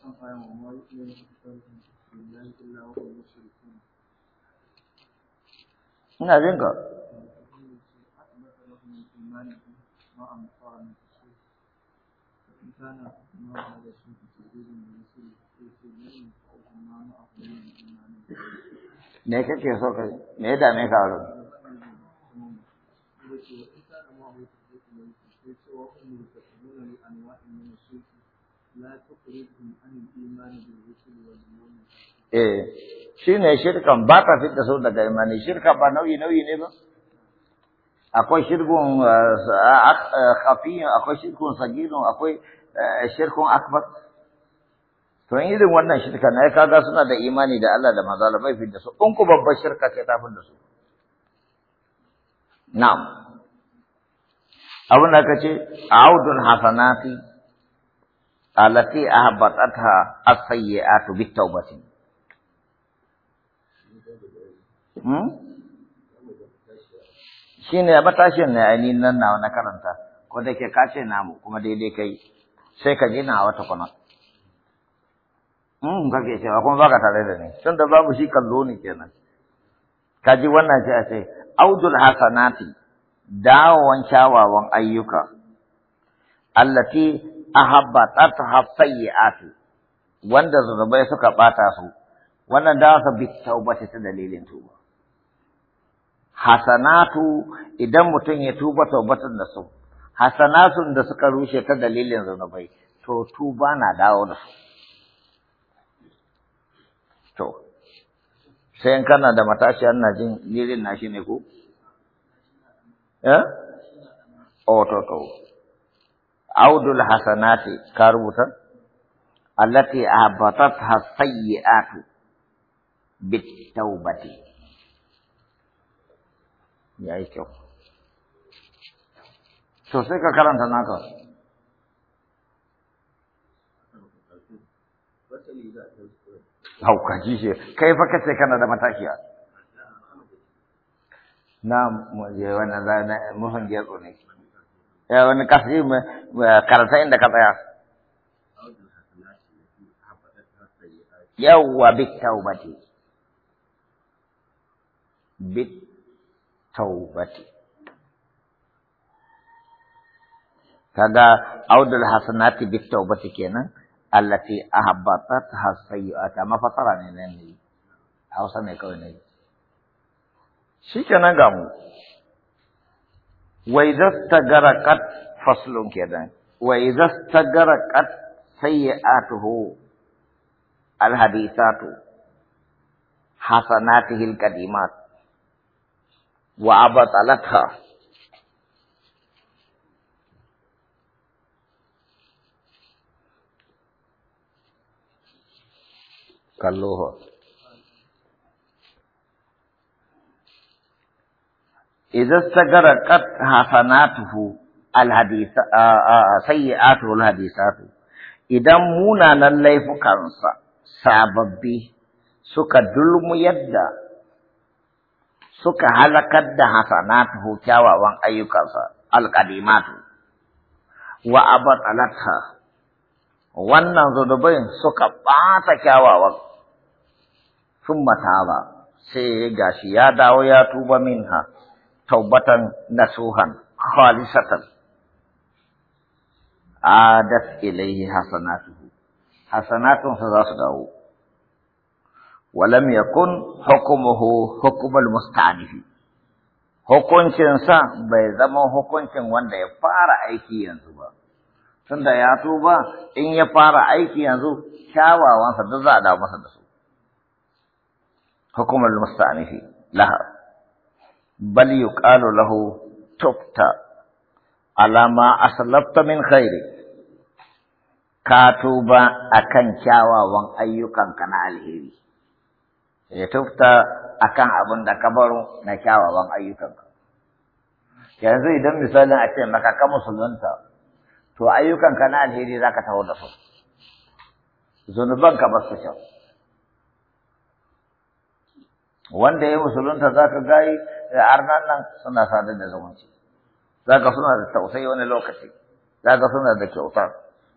samfara wa ina jin ka me kake so ka me ya dame ka a eh shi ne shirkan ba ta fi taso daga imani shirka ba nauyi nauyi ne ba akwai shirkun eh, eh, khafiyun akwai shirkun sagirun akwai eh, shirkun akbar to in irin wannan shirka na ya kaga suna da imani da Allah da mazala bai fi taso, in ku babbar shirka ce ta fitta so Na, abin da a audun hasanati التي أهبطتها السيئات hmm shine matashin na ni nan na wannan karanta ko da ke kace namu kuma daidai kai sai ka gina wata hmm ga kake cewa kuma baka tare da ni tun da babu shi kallo ne kenan kaji wannan ce a ce audul hasanati dawon shawawan ayyuka allati ahabbatatha sayyi'atu wanda zunubai suka bata su wannan da su bi taubati ta dalilin tuba hasanatu idan mutum ya tuba taubatan da su hasanatu da suka rushe ta dalilin zunubai to tuba na dawo da su to sai in kana da matashiyar na jin lirin na shi ne ko eh oh to to audul hasanati ka rubuta allati abatatha sayyi'atu bit taubati yayi kyau to sai ka karanta naka haukaci shi kai fa kace kana da matakiya. na mu je wannan muhangiyar ne ya wani kasi karanta inda ka tsaya yawwa bit taubati bit taubati kaga audul hasanati bit taubati kenan allati ahbatat hasayyata mafatara ne nan ne hausa ne kawai ne shikenan ga mu وإذا استغرقت فصل كده وإذا استغرقت سيئاته الحديثات حسناته القديمات وأبطلتها كاللوهر إذا استقرقت حسناته الحديث سيئات الحديثات إذا مونا نليف كنسا سببي سكا دلم يدا سكا هلكت حسناته كاوا وان أيكسا القديمات وأبطلتها wannan zunubin suka بات kyawawan وان ثم sai gashi ya dawo ya tuba minha توبة نسوها خالصة عادت إليه حسناته حسنات فتصدعوا ولم يكن حكمه حكم المستعنف hukuncinsa bai zama hukuncin wanda ya fara aiki yanzu ba tunda ya tuba in ya fara aiki yanzu kyawawansa duk za a dawo masa da su hukumar musta'anifi laha bal yuqalu lahu tufta ala ma aslafta min khairi ka tuba akan kyawawan ayyukanka na alheri ya tufta akan abin da ka baro na kyawawan ayyukanka yanzu idan misalin a ce maka ka musulunta to ayyukanka na alheri zaka taho da su zunubanka ba su kyau wanda ya musulunta za ka gayi eh, arnan nan suna sadar da zumunci za ka suna da tausayi wani lokaci za ka suna da kyauta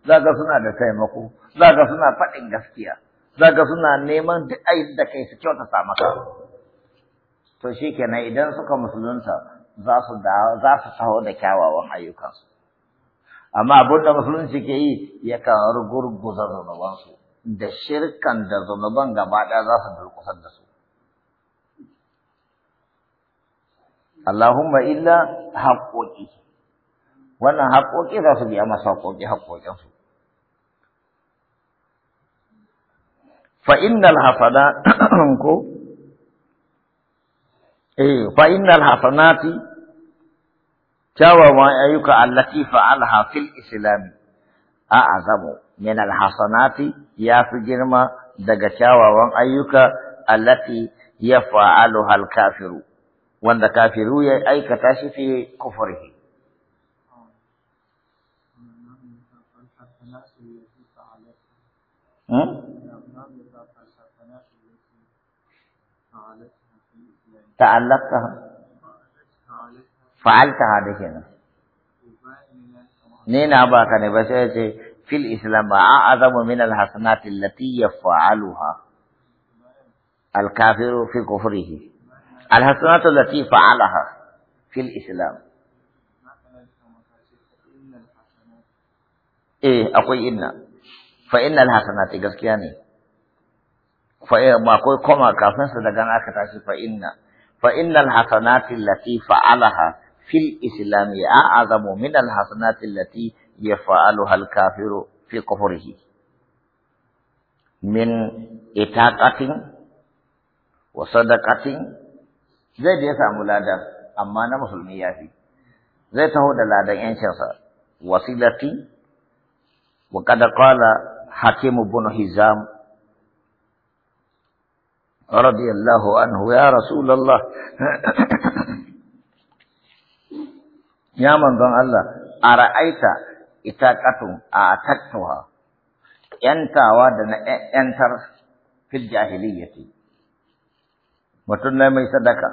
za ka suna da taimako za ka suna faɗin gaskiya za ka suna neman duk ayin da kai su kyautata maka to shi kenan idan suka musulunta za su taho da kyawawan ayyukansu amma abin da musulunci ke yi ya kan rugurguza zunubansu da shirkan da zunuban gaba ɗaya za su durƙusar da su Allahumma illa haƙoƙi wannan haƙoƙi za su biya masa haƙoƙi haƙoƙinsu fa innal hafada ko eh fa innal hasanati kyawawan ayyuka allati fa'alha fil islam a'azamu min al hasanati ya fi girma daga kyawawan ayyuka allati yaf'aluha al kafiru wanda kafiru ya aikata shi fi kufurihi. تعلقتها فعلتها da kenan ne na baka ne ba sai ce fil islam ba a'azamu min al hasanati allati yaf'aluha al kafiru fi kufrihi الحسنات التي فعلها في الإسلام إيه أقول إن فإن الحسنات قسكياني يعني. فإن ما أقول كما كافن صدقنا كتاشي فإن فإن الحسنات التي فعلها في الإسلام أعظم من الحسنات التي يفعلها الكافر في كفره من إتاقة وصدقة zai da ya samu ladan amma na musulmi ya fi zai taho da ladan yancinsa wasilati wa kada qala hakim ibn hizam radiyallahu anhu ya rasulullah ya manzon Allah ara'aita katun a tattawa yantawa da na yantar fil jahiliyyati mutum ne mai sadaka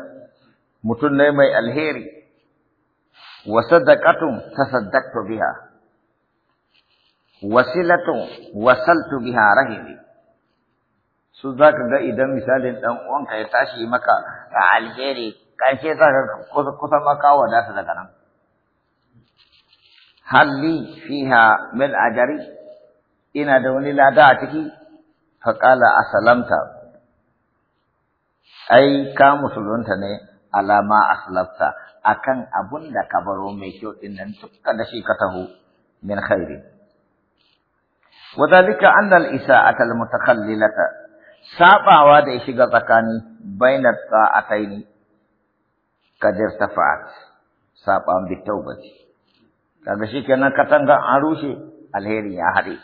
mutum ne mai alheri wa sadaqatun tasaddaqtu biha wasilatun wasaltu biha rahimi su zaka ga idan misalin dan uwanka ya tashi maka a alheri za ka kusa maka wadata daga nan halli fiha min ajari ina da wani lada a ciki a salamta. ai ka musulunta ne alama aslafta akan abun da ka baro mai kyau din nan tukka da shi ka taho min khairi wadalika anna al-isa'ata al-mutakhallilata sabawa da ya shiga tsakani bainat ta'ataini kadir tafa'at sabawa bi tawbati kaga ka tanga an rushe alheri ya hade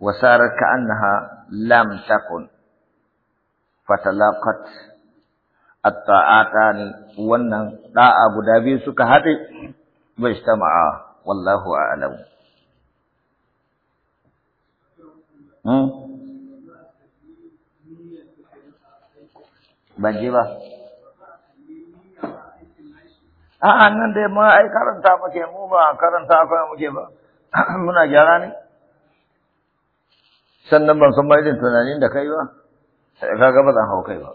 wasarar ka annaha lam takun fatalaqat at-ta'atani wannan da'a guda biyu suka haɗe majtama'a wallahu a'lam hmm ban ba a'a nan dai ma ai karanta muke mu ba karanta akwai muke ba muna gyara ne sannan ban san mai tunanin da kai ba 这个不太好看吧